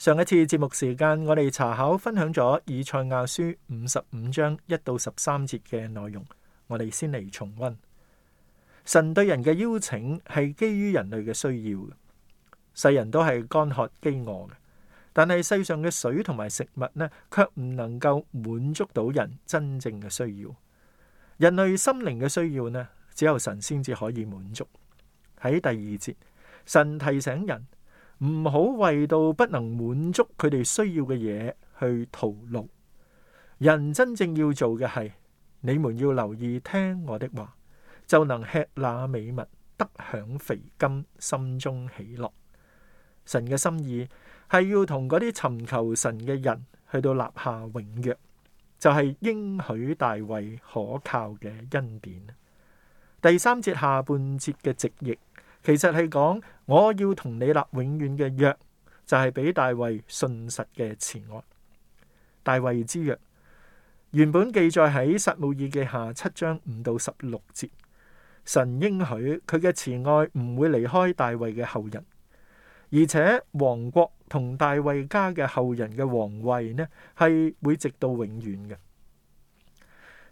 上一次節目時間，我哋查考分享咗以賽亞書五十五章一到十三節嘅內容，我哋先嚟重溫。神對人嘅邀請係基於人類嘅需要，世人都係乾渴饑餓，但係世上嘅水同埋食物呢，卻唔能夠滿足到人真正嘅需要。人類心靈嘅需要呢，只有神先至可以滿足。喺第二節，神提醒人。唔好為到不能滿足佢哋需要嘅嘢去徒勞，人真正要做嘅係，你們要留意聽我的話，就能吃那美物，得享肥甘，心中喜樂。神嘅心意係要同嗰啲尋求神嘅人去到立下永約，就係應許大衛可靠嘅恩典。第三節下半節嘅直譯。其實係講，我要同你立永遠嘅約，就係、是、俾大衛信實嘅慈愛。大衛之約原本記載喺撒母耳記下七章五到十六節。神應許佢嘅慈愛唔會離開大衛嘅後人，而且王國同大衛家嘅後人嘅王位呢係會直到永遠嘅。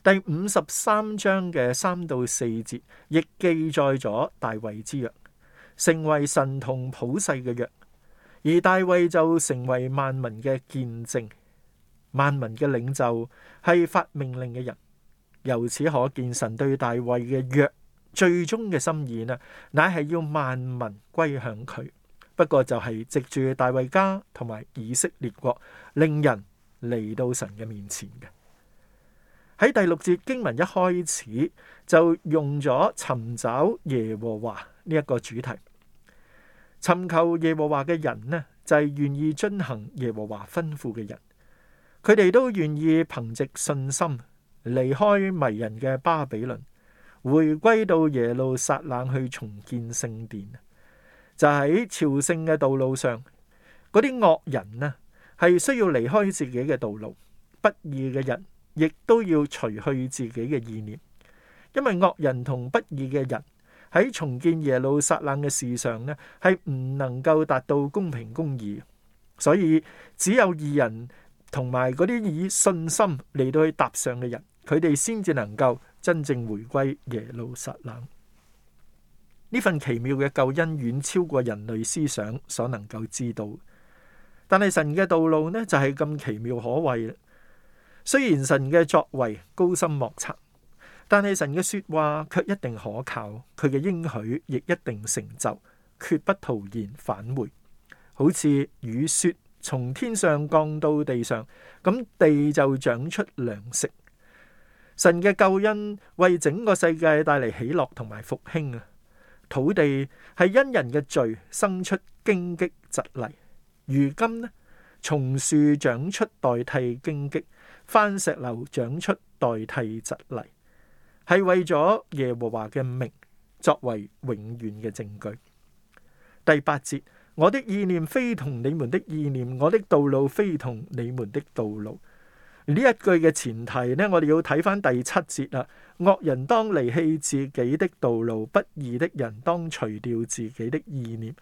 第五十三章嘅三到四節，亦記載咗大衛之約，成為神同普世嘅約，而大衛就成為萬民嘅見證，萬民嘅領袖係發命令嘅人。由此可見，神對大衛嘅約最終嘅心意呢，乃係要萬民歸向佢。不過就係藉住大衛家同埋以色列國，令人嚟到神嘅面前嘅。喺第六節經文一開始就用咗尋找耶和華呢一個主題。尋求耶和華嘅人呢，就係願意遵行耶和華吩咐嘅人。佢哋都願意憑借信心離開迷人嘅巴比倫，回歸到耶路撒冷去重建聖殿。就喺朝聖嘅道路上，嗰啲惡人呢，係需要離開自己嘅道路，不義嘅人。亦都要除去自己嘅意念，因為惡人同不義嘅人喺重建耶路撒冷嘅事上呢，係唔能夠達到公平公義，所以只有義人同埋嗰啲以信心嚟到去踏上嘅人，佢哋先至能夠真正回歸耶路撒冷。呢份奇妙嘅救恩遠超過人類思想所能夠知道，但係神嘅道路呢，就係咁奇妙可畏。雖然神嘅作為高深莫測，但係神嘅說話卻一定可靠。佢嘅應許亦一定成就，決不徒然返回，好似雨雪從天上降到地上，咁地就長出糧食。神嘅救恩為整個世界帶嚟喜樂同埋復興啊！土地係因人嘅罪生出荊棘、蒺藜。如今呢，松樹長出代替荊棘。番石榴長出代替蒺藜，係為咗耶和華嘅名作為永遠嘅證據。第八節，我的意念非同你們的意念，我的道路非同你們的道路。呢一句嘅前提呢，我哋要睇返第七節啦。惡人當離棄自己的道路，不義的人當除掉自己的意念。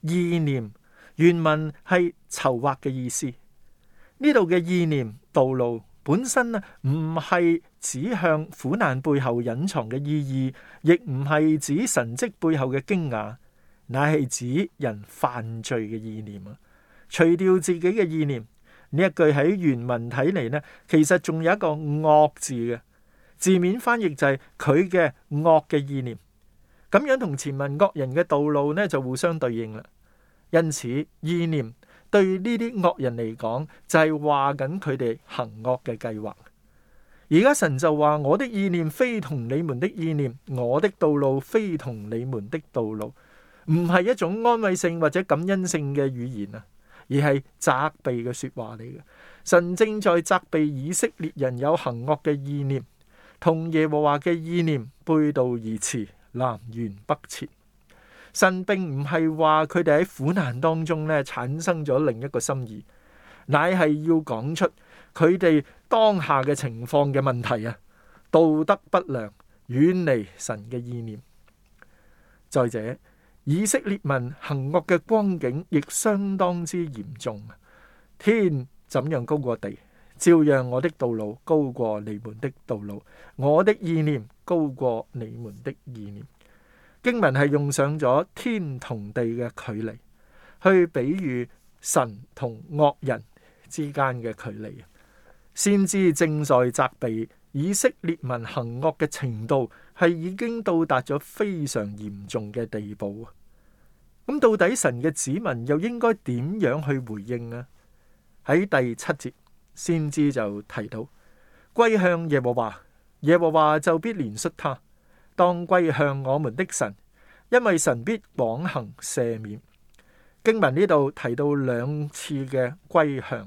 意念原文係籌劃嘅意思。呢度嘅意念道路本身呢，唔係指向苦難背後隱藏嘅意義，亦唔係指神跡背後嘅驚訝，乃係指人犯罪嘅意念啊！除掉自己嘅意念，呢一句喺原文睇嚟，呢其實仲有一個惡字嘅，字面翻譯就係佢嘅惡嘅意念，咁樣同前文惡人嘅道路呢就互相對應啦。因此，意念，對呢啲惡人嚟講，就係話緊佢哋行惡嘅計劃。而家神就話：我的意念非同你們的意念，我的道路非同你們的道路。唔係一種安慰性或者感恩性嘅語言啊，而係責備嘅說話嚟嘅。神正在責備以色列人有行惡嘅意念，同耶和華嘅意念背道而馳，南轅北轍。神並唔係話佢哋喺苦難當中咧產生咗另一個心意，乃係要講出佢哋當下嘅情況嘅問題啊！道德不良，遠離神嘅意念。再者，以色列民行惡嘅光景亦相當之嚴重。天怎樣高過地，照樣我的道路高過你們的道路，我的意念高過你們的意念。經文係用上咗天同地嘅距離，去比喻神同惡人之間嘅距離。先知正在責備以色列民行惡嘅程度，係已經到達咗非常嚴重嘅地步啊！咁到底神嘅子民又應該點樣去回應呢？喺第七節，先知就提到歸向耶和華，耶和華就必憐恤他。當歸向我們的神，因為神必廣行赦免。經文呢度提到兩次嘅歸向，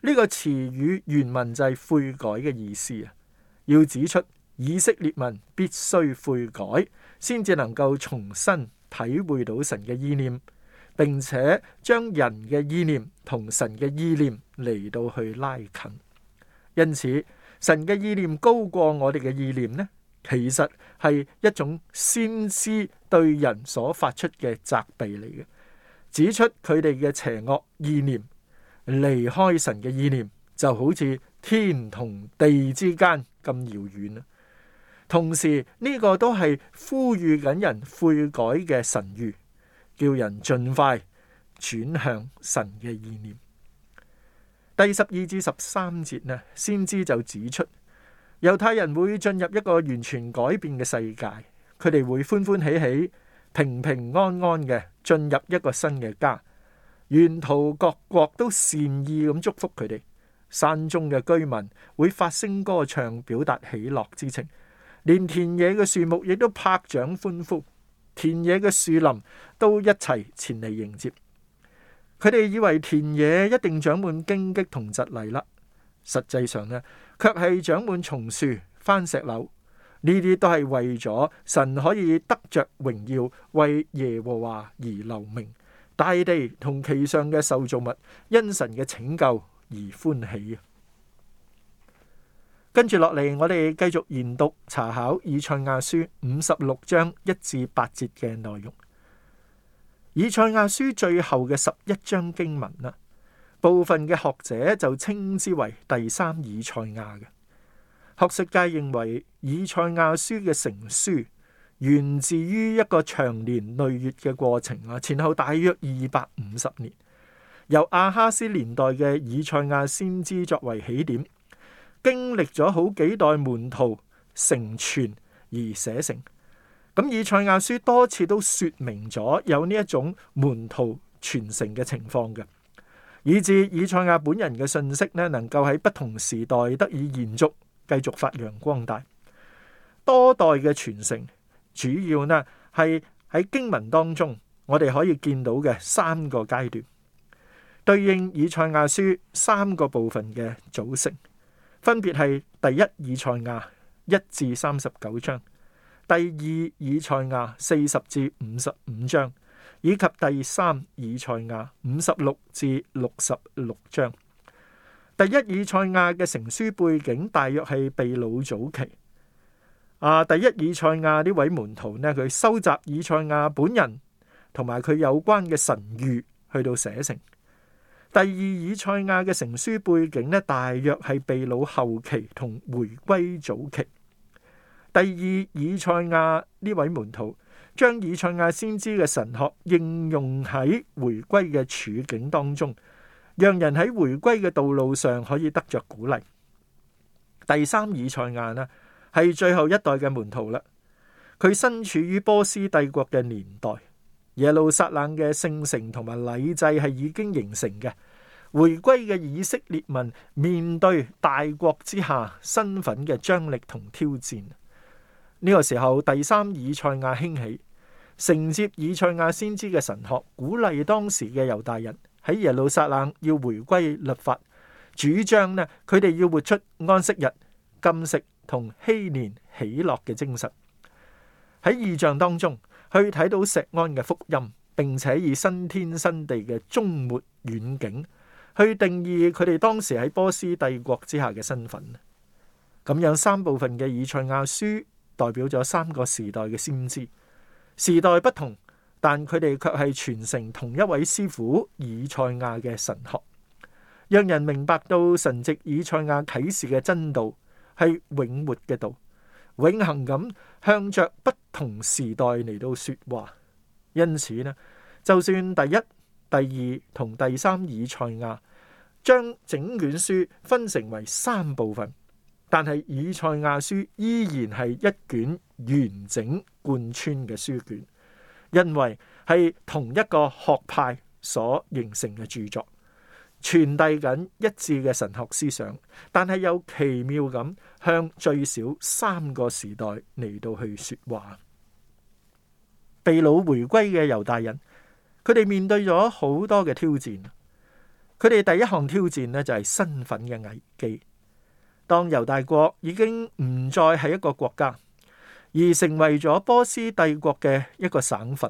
呢個詞語原文就係悔改嘅意思啊。要指出以色列民必須悔改，先至能夠重新體會到神嘅意念，並且將人嘅意念同神嘅意念嚟到去拉近。因此，神嘅意念高過我哋嘅意念呢？其實係一種先知對人所發出嘅責備嚟嘅指出佢哋嘅邪惡意念離開神嘅意念，就好似天同地之間咁遙遠。同時，呢個都係呼籲緊人悔改嘅神諭，叫人盡快轉向神嘅意念。第十二至十三節呢，先知就指出。猶太人會進入一個完全改變嘅世界，佢哋會歡歡喜喜、平平安安嘅進入一個新嘅家。沿途各國都善意咁祝福佢哋，山中嘅居民會發聲歌唱，表達喜樂之情，連田野嘅樹木亦都拍掌歡呼，田野嘅樹林都一齊前嚟迎接。佢哋以為田野一定長滿荊棘同蒺藜啦。實際上咧，卻係長滿松樹、番石榴呢啲，都係為咗神可以得着榮耀，為耶和華而留名。大地同其上嘅受造物，因神嘅拯救而歡喜啊！跟住落嚟，我哋繼續研讀查考以賽亞書五十六章一至八節嘅內容。以賽亞書最後嘅十一章經文啦。部分嘅學者就稱之為第三以賽亞嘅。學術界認為，以賽亞書嘅成書源自於一個長年累月嘅過程啊，前後大約二百五十年，由阿哈斯年代嘅以賽亞先知作為起點，經歷咗好幾代門徒承傳而寫成。咁以賽亞書多次都説明咗有呢一種門徒傳承嘅情況嘅。以至以賽亞本人嘅信息呢，能夠喺不同時代得以延續，繼續發揚光大，多代嘅傳承，主要呢係喺經文當中，我哋可以見到嘅三個階段，對應以賽亞書三個部分嘅組成，分別係第一以賽亞一至三十九章，第二以賽亞四十至五十五章。以及第三以賽亞五十六至六十六章，第一以賽亞嘅成書背景大約係被擄早期。啊，第一以賽亞呢位門徒呢，佢收集以賽亞本人同埋佢有關嘅神諭，去到寫成。第二以賽亞嘅成書背景呢，大約係被擄後期同回歸早期。第二以賽亞呢位門徒。將以賽亞先知嘅神學應用喺回歸嘅處境當中，讓人喺回歸嘅道路上可以得着鼓勵。第三以賽亞呢，係最後一代嘅門徒啦。佢身處於波斯帝國嘅年代，耶路撒冷嘅聖城同埋禮制係已經形成嘅。回歸嘅以色列民面對大國之下身份嘅張力同挑戰。呢個時候，第三以賽亞興起。承接以賽亞先知嘅神學，鼓勵當時嘅猶大人喺耶路撒冷要回歸律法，主張呢，佢哋要活出安息日、禁食同禧年喜樂嘅精神。喺異象當中去睇到錫安嘅福音，並且以新天新地嘅終末遠景去定義佢哋當時喺波斯帝國之下嘅身份。咁有三部分嘅以賽亞書代表咗三個時代嘅先知。時代不同，但佢哋卻係傳承同一位師傅以賽亞嘅神學，讓人明白到神藉以賽亞啟示嘅真道係永活嘅道，永恒咁向着不同時代嚟到說話。因此咧，就算第一、第二同第三以賽亞將整卷書分成為三部分。但係《以賽亞書》依然係一卷完整貫穿嘅書卷，因為係同一個學派所形成嘅著作，傳遞緊一致嘅神學思想。但係又奇妙咁向最少三個時代嚟到去說話。被擄回歸嘅猶大人，佢哋面對咗好多嘅挑戰。佢哋第一項挑戰呢，就係身份嘅危機。當猶大國已經唔再係一個國家，而成為咗波斯帝國嘅一個省份，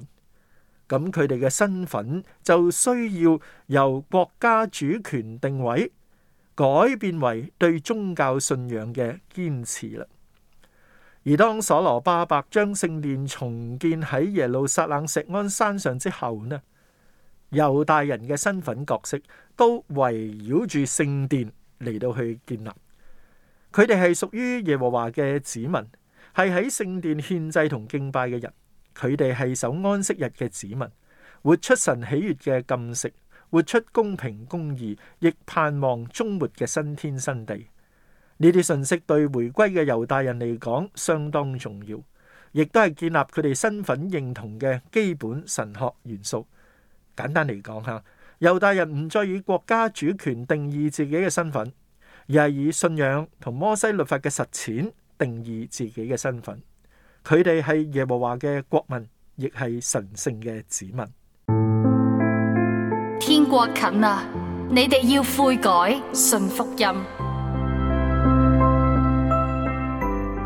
咁佢哋嘅身份就需要由國家主權定位，改變為對宗教信仰嘅堅持啦。而當所羅巴伯將聖殿重建喺耶路撒冷石安山上之後呢，猶大人嘅身份角色都圍繞住聖殿嚟到去建立。佢哋係屬於耶和華嘅子民，係喺聖殿獻祭同敬拜嘅人。佢哋係守安息日嘅子民，活出神喜悅嘅禁食，活出公平公義，亦盼望終末嘅新天新地。呢啲信息對回歸嘅猶大人嚟講相當重要，亦都係建立佢哋身份認同嘅基本神學元素。簡單嚟講吓，猶大人唔再以國家主權定義自己嘅身份。又係以信仰同摩西律法嘅實踐定義自己嘅身份，佢哋係耶和華嘅國民，亦係神聖嘅子民。天國近啦，你哋要悔改，信福音。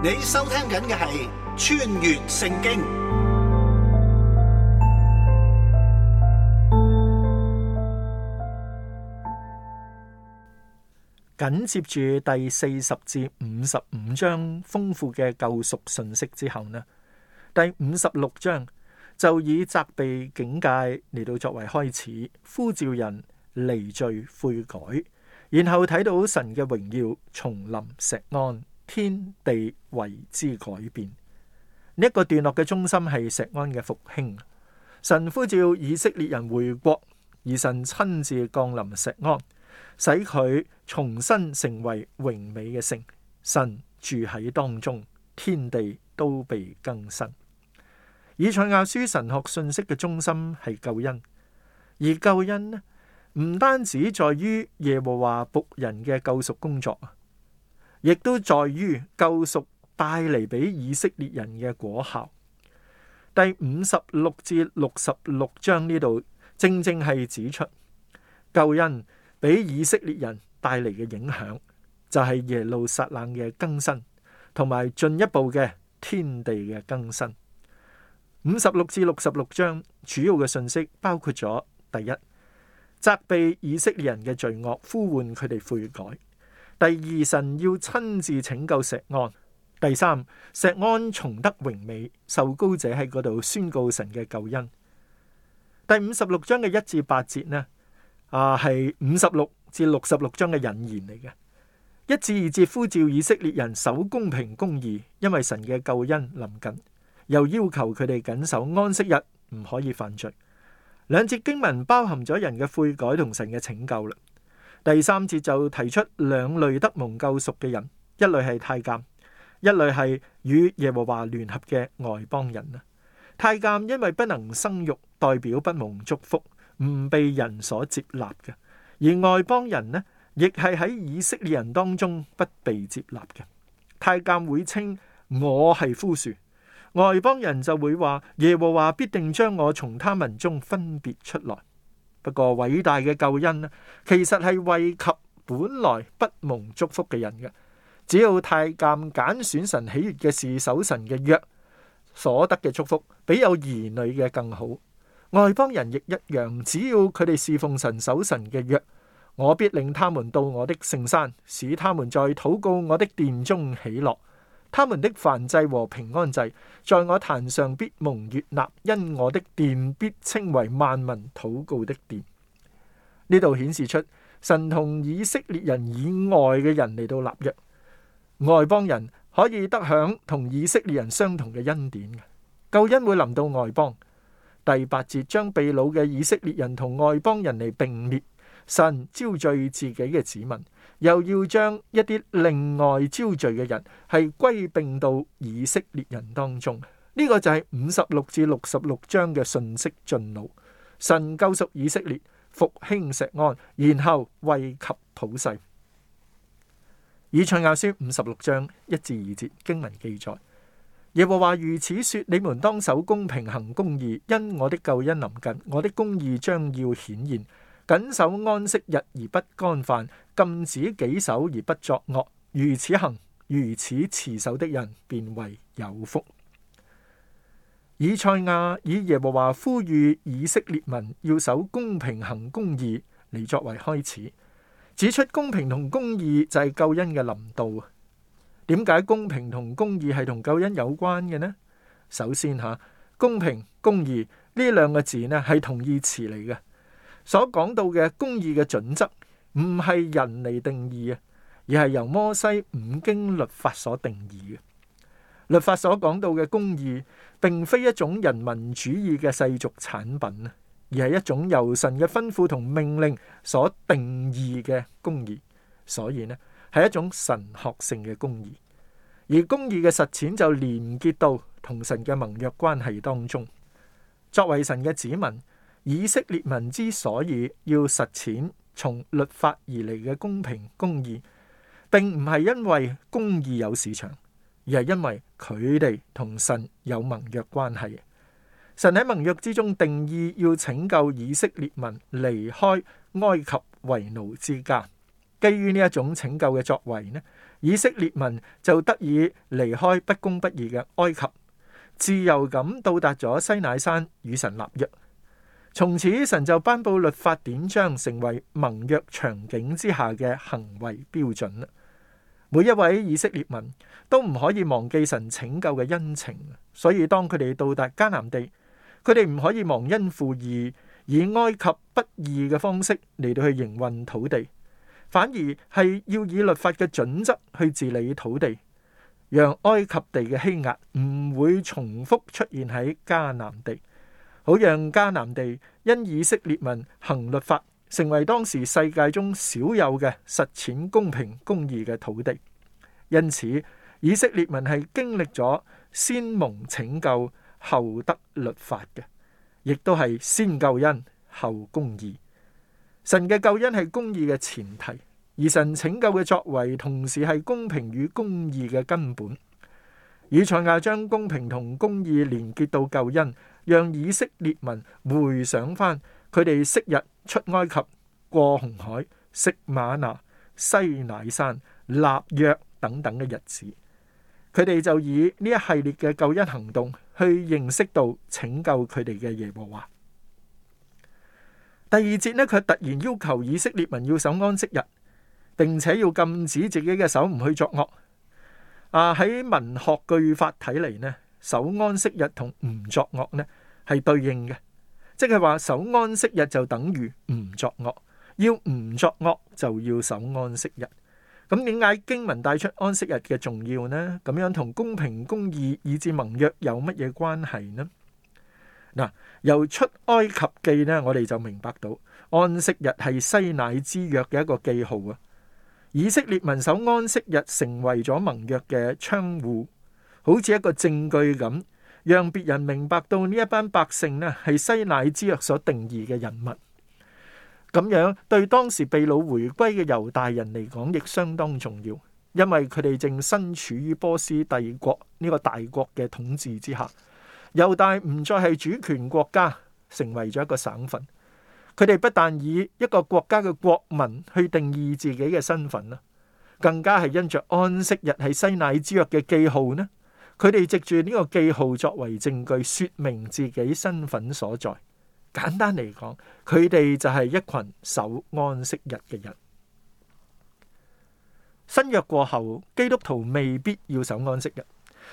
你收聽緊嘅係《穿越聖經》。緊接住第四十至五十五章豐富嘅救贖信息之後呢，第五十六章就以責備警戒嚟到作為開始，呼召人離罪悔改，然後睇到神嘅榮耀重臨石安，天地為之改變。呢、這、一個段落嘅中心係石安嘅復興，神呼召以色列人回國，而神親自降臨石安。使佢重新成為榮美嘅城，神住喺當中，天地都被更新。以賽亞書神學信息嘅中心係救恩，而救恩呢，唔單止在於耶和華僕人嘅救贖工作啊，亦都在於救贖帶嚟俾以色列人嘅果效。第五十六至六十六章呢度正正係指出救恩。俾以色列人帶嚟嘅影響，就係耶路撒冷嘅更新，同埋進一步嘅天地嘅更新。五十六至六十六章主要嘅信息包括咗：第一，責備以色列人嘅罪惡，呼喚佢哋悔改；第二，神要親自拯救錫安；第三，錫安重得榮美，受膏者喺嗰度宣告神嘅救恩。第五十六章嘅一至八節呢？啊，係五十六至六十六章嘅引言嚟嘅，一至二節呼召以色列人守公平公義，因為神嘅救恩臨近，又要求佢哋謹守安息日，唔可以犯罪。兩節經文包含咗人嘅悔改同神嘅拯救啦。第三節就提出兩類得蒙救贖嘅人，一類係太監，一類係與耶和華聯合嘅外邦人啦。太監因為不能生育，代表不蒙祝福。唔被人所接納嘅，而外邦人呢，亦係喺以色列人當中不被接納嘅。太監會稱我係枯樹，外邦人就會話耶和華必定將我從他民中分別出來。不過偉大嘅救恩呢，其實係惠及本來不蒙祝福嘅人嘅。只要太監揀選神喜悦嘅事，守神嘅約，所得嘅祝福比有兒女嘅更好。外邦人亦一樣，只要佢哋侍奉神、守神嘅約，我必令他們到我的聖山，使他們在禱告我的殿中喜樂。他們的燔祭和平安祭，在我壇上必蒙悅納，因我的殿必稱為萬民禱告的殿。呢度顯示出神同以色列人以外嘅人嚟到立約，外邦人可以得享同以色列人相同嘅恩典嘅，救恩會臨到外邦。第八節，將被擄嘅以色列人同外邦人嚟，並列，神招聚自己嘅子民，又要將一啲另外招聚嘅人係歸併到以色列人當中。呢、這個就係五十六至六十六章嘅信息進路。神救贖以色列，復興錫安，然後惠及普世。以賽亞書五十六章一至二節經文記載。耶和華如此說：你們當守公平，行公義，因我的救恩臨近，我的公義將要顯現。謹守安息日而不干犯，禁止己手而不作惡，如此行，如此持守的人便為有福。以賽亞以耶和華呼籲以色列民要守公平、行公義嚟作為開始，指出公平同公義就係救恩嘅臨到點解公平同公義係同救恩有關嘅呢？首先吓，公平公義呢兩個字呢係同義詞嚟嘅，所講到嘅公義嘅準則唔係人嚟定義啊，而係由摩西五經律法所定義嘅。律法所講到嘅公義，並非一種人民主義嘅世俗產品啊，而係一種由神嘅吩咐同命令所定義嘅公義。所以呢，係一種神學性嘅公義，而公義嘅實踐就連結到同神嘅盟約關係當中。作為神嘅子民，以色列民之所以要實踐從律法而嚟嘅公平公義，並唔係因為公義有市場，而係因為佢哋同神有盟約關係。神喺盟約之中定意要拯救以色列民離開埃及為奴之家。基於呢一種拯救嘅作為呢，以色列民就得以離開不公不義嘅埃及，自由咁到達咗西乃山與神立約。從此，神就頒布律法典章，成為盟約場景之下嘅行為標準。每一位以色列民都唔可以忘記神拯救嘅恩情，所以當佢哋到達迦南地，佢哋唔可以忘恩負義，以埃及不義嘅方式嚟到去營運土地。反而係要以律法嘅準則去治理土地，讓埃及地嘅欺壓唔會重複出現喺迦南地，好讓迦南地因以色列民行律法，成為當時世界中少有嘅實踐公平公義嘅土地。因此，以色列民係經歷咗先蒙拯救後得律法嘅，亦都係先救恩後公義。神嘅救恩係公義嘅前提，而神拯救嘅作為同時係公平與公義嘅根本。以賽亞將公平同公義連結到救恩，讓以色列民回想翻佢哋昔日出埃及、過紅海、食瑪拿、西乃山、立約等等嘅日子。佢哋就以呢一系列嘅救恩行動去認識到拯救佢哋嘅耶和華。第二節咧，佢突然要求以色列民要守安息日，並且要禁止自己嘅手唔去作惡。啊，喺文學句法睇嚟，呢守安息日同唔作惡呢係對應嘅，即係話守安息日就等於唔作惡，要唔作惡就要守安息日。咁點解經文帶出安息日嘅重要呢？咁樣同公平公義以至盟約有乜嘢關係呢？嗱，由出埃及記呢，我哋就明白到安息日係西乃之約嘅一個記號啊！以色列民守安息日，成為咗盟約嘅窗戶，好似一個證據咁，讓別人明白到呢一班百姓咧係西乃之約所定義嘅人物。咁樣對當時被擄回歸嘅猶大人嚟講，亦相當重要，因為佢哋正身處於波斯帝國呢個大國嘅統治之下。猶大唔再係主權國家，成為咗一個省份。佢哋不但以一個國家嘅國民去定義自己嘅身份啦，更加係因着安息日係西奈之約嘅記號呢。佢哋藉住呢個記號作為證據，說明自己身份所在。簡單嚟講，佢哋就係一群守安息日嘅人。新約過後，基督徒未必要守安息日。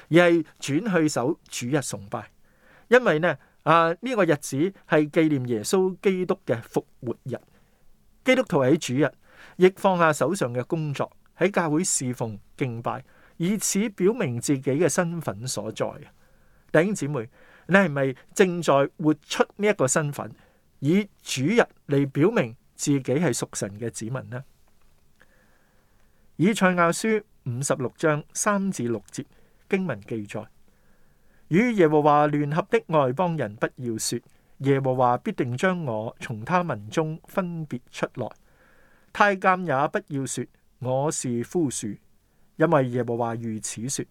而係轉去守主日崇拜，因為呢啊呢個日子係紀念耶穌基督嘅復活日。基督徒喺主日亦放下手上嘅工作，喺教會侍奉敬拜，以此表明自己嘅身份所在。弟兄姊妹，你係咪正在活出呢一個身份，以主日嚟表明自己係屬神嘅子民呢？以賽亞書五十六章三至六節。經文記載，與耶和華聯合的外邦人不要說，耶和華必定將我從他民中分別出來。太監也不要說我是枯樹，因為耶和華如此說：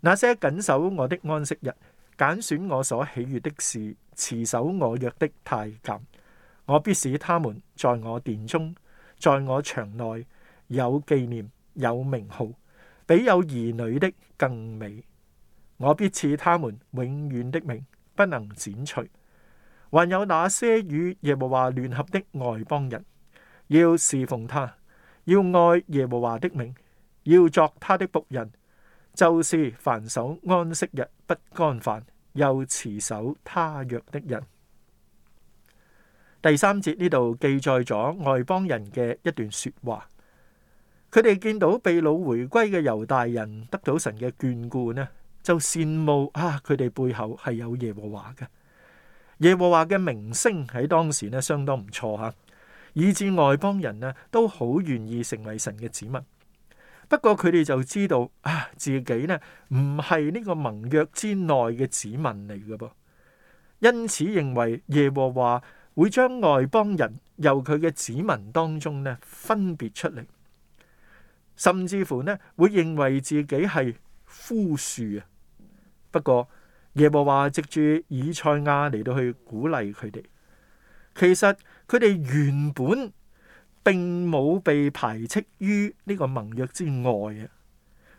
那些謹守我的安息日，揀選我所喜悅的事，持守我約的太監，我必使他們在我殿中，在我牆內有紀念有名號，比有兒女的。更美，我必賜他們永遠的名，不能剪除。還有那些與耶和華聯合的外邦人，要侍奉他，要愛耶和華的名，要作他的僕人，就是凡守安息日不干犯，又持守他約的人。第三節呢度記載咗外邦人嘅一段說話。佢哋見到被擄回歸嘅猶大人得到神嘅眷顧呢，就羨慕啊。佢哋背後係有耶和華嘅耶和華嘅名聲喺當時呢，相當唔錯吓，以至外邦人呢都好願意成為神嘅子民。不過佢哋就知道啊，自己呢唔係呢個盟約之內嘅子民嚟嘅噃，因此認為耶和華會將外邦人由佢嘅子民當中呢分別出嚟。甚至乎咧，會認為自己係枯樹啊。不過，耶和華藉住以賽亞嚟到去鼓勵佢哋。其實佢哋原本並冇被排斥於呢個盟約之外啊。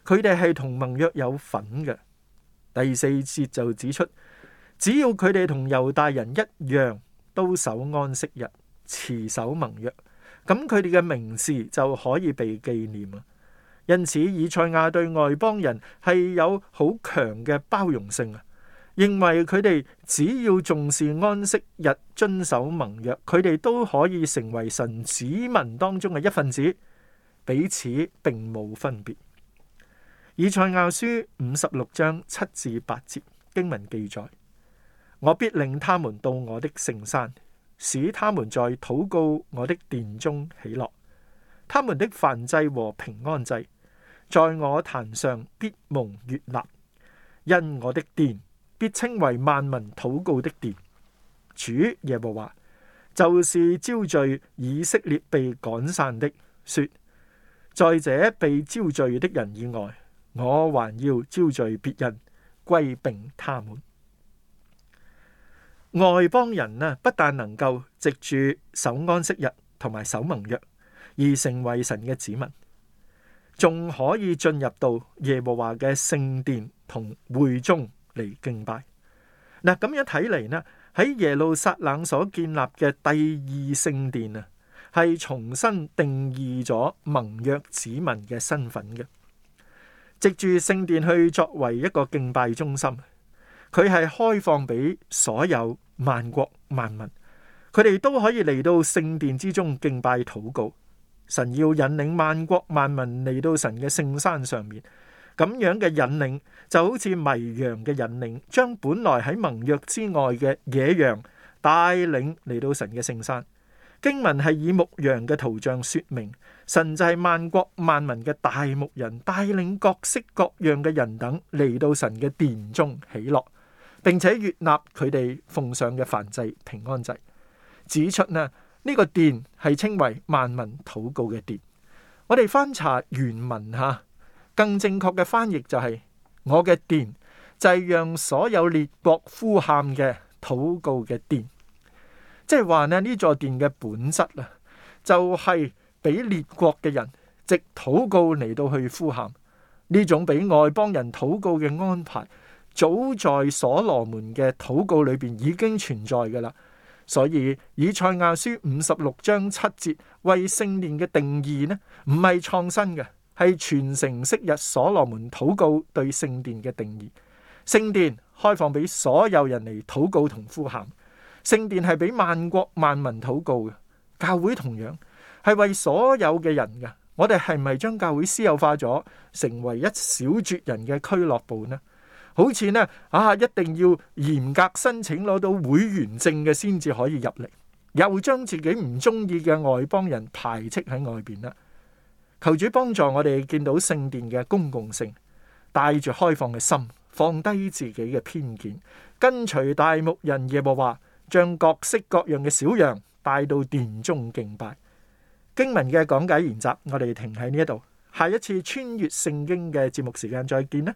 佢哋係同盟約有份嘅。第四節就指出，只要佢哋同猶大人一樣，都守安息日，持守盟約，咁佢哋嘅名字就可以被紀念啊。因此，以賽亞對外邦人係有好強嘅包容性啊，認為佢哋只要重視安息日、遵守盟約，佢哋都可以成為神子民當中嘅一份子，彼此並冇分別。以賽亞書五十六章七至八節經文記載：我必令他們到我的聖山，使他們在禱告我的殿中喜樂，他們的燔祭和平安祭。在我壇上必蒙悅納，因我的殿必稱為萬民禱告的殿。主耶和華就是招聚以色列被趕散的，說：在這被招聚的人以外，我還要招聚別人歸併他們。外邦人呢，不但能夠藉住守安息日同埋守盟約而成為神嘅子民。仲可以進入到耶和華嘅聖殿同會中嚟敬拜。嗱，咁樣睇嚟呢，喺耶路撒冷所建立嘅第二聖殿啊，係重新定義咗盟約子民嘅身份嘅，藉住聖殿去作為一個敬拜中心。佢係開放俾所有萬國萬民，佢哋都可以嚟到聖殿之中敬拜禱告。神要引領萬國萬民嚟到神嘅聖山上面，咁樣嘅引領就好似迷羊嘅引領，將本來喺盟約之外嘅野羊帶領嚟到神嘅聖山。經文係以牧羊嘅圖像說明，神就係萬國萬民嘅大牧人，帶領各式各樣嘅人等嚟到神嘅殿中喜樂，並且悅納佢哋奉上嘅燔祭平安祭，指出呢，呢個殿係稱為萬民禱告嘅殿。我哋翻查原文吓，更正確嘅翻譯就係、是、我嘅殿，就係讓所有列國呼喊嘅禱告嘅殿。即係話呢呢座殿嘅本質啊，就係俾列國嘅人藉禱告嚟到去呼喊。呢種俾外邦人禱告嘅安排，早在所羅門嘅禱告裏邊已經存在噶啦。所以以賽亞書五十六章七節為聖殿嘅定義呢，唔係創新嘅，係傳承昔日所羅門禱告對聖殿嘅定義。聖殿開放俾所有人嚟禱告同呼喊，聖殿係俾萬國萬民禱告嘅。教會同樣係為所有嘅人噶，我哋係咪將教會私有化咗，成為一小撮人嘅俱樂部呢？好似呢，啊，一定要嚴格申請攞到會員證嘅先至可以入嚟，又將自己唔中意嘅外邦人排斥喺外邊啦。求主幫助我哋見到聖殿嘅公共性，帶住開放嘅心，放低自己嘅偏見，跟隨大牧人耶和華，將各式各樣嘅小羊帶到殿中敬拜。經文嘅講解研習，我哋停喺呢一度，下一次穿越聖經嘅節目時間再見啦。